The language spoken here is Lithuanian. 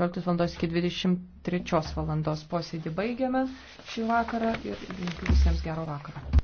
16 valandos iki 23 valandos posėdį baigiame šį vakarą ir linkiu visiems gero vakaro.